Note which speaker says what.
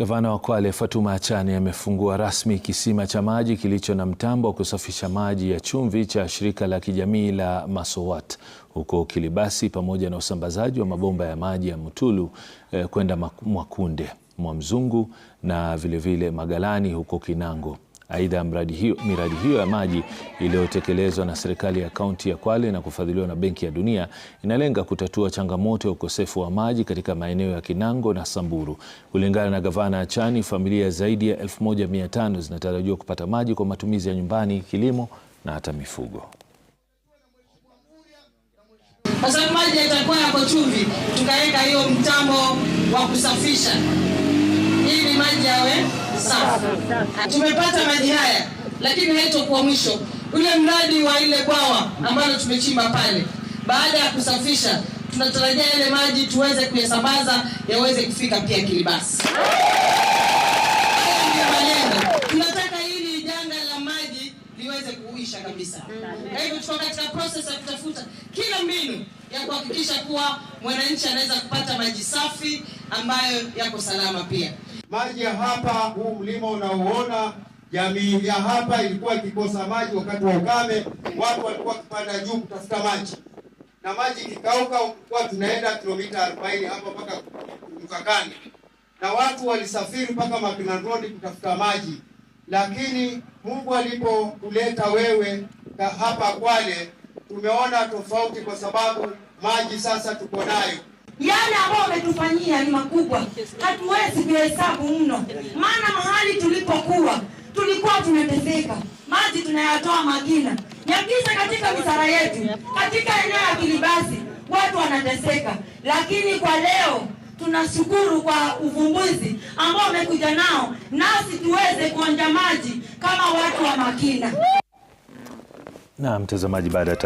Speaker 1: Gavana wa Kwale Fatuma Achani amefungua rasmi kisima cha maji kilicho na mtambo wa kusafisha maji ya chumvi cha shirika la kijamii la Masowat huko Kilibasi pamoja na usambazaji wa mabomba ya maji ya Mutulu eh, kwenda Mwakunde, Mwamzungu na vilevile vile Magalani huko Kinango. Aidha, miradi hiyo, miradi hiyo ya maji iliyotekelezwa na serikali ya kaunti ya Kwale na kufadhiliwa na Benki ya Dunia inalenga kutatua changamoto ya ukosefu wa maji katika maeneo ya Kinango na Samburu. Kulingana na gavana Achani, familia zaidi ya 1500 zinatarajiwa kupata maji kwa matumizi ya nyumbani, kilimo na hata mifugo.
Speaker 2: Kwa sababu maji yatakuwa yako chumvi, tukaweka hiyo mtambo wa kusafisha maji yawe safi. Tumepata maji haya, lakini haitokuwa mwisho. Ule mradi wa ile bwawa ambalo tumechimba pale, baada ya kusafisha, tunatarajia yale maji tuweze kuyasambaza yaweze kufika pia Kilibasi. kabisa. Kwa hivyo tuko katika process ya kutafuta kila mbinu ya kuhakikisha kuwa mwananchi anaweza kupata maji safi ambayo yako salama pia
Speaker 3: maji ya hapa, huu mlima unaoona, jamii ya hapa ilikuwa ikikosa maji wakati wa ukame, watu walikuwa wakipanda juu kutafuta maji, na maji kikauka, kwa tunaenda kilomita 40 hapa mpaka Mkakani, na watu walisafiri mpaka Mackinnon Road kutafuta maji, lakini Mungu alipokuleta wewe hapa Kwale tumeona tofauti, kwa sababu maji sasa tuko nayo
Speaker 4: yale ambayo wametufanyia ni makubwa, hatuwezi kuhesabu mno, maana mahali tulipokuwa tulikuwa tumeteseka, maji tunayatoa Magina, Nyakisa, katika misara yetu, katika eneo ya Kilibasi watu wanateseka, lakini kwa leo tunashukuru kwa uvumbuzi ambao wamekuja nao, nasi tuweze kuonja maji kama watu wa Makina. Na mtazamaji, baada ya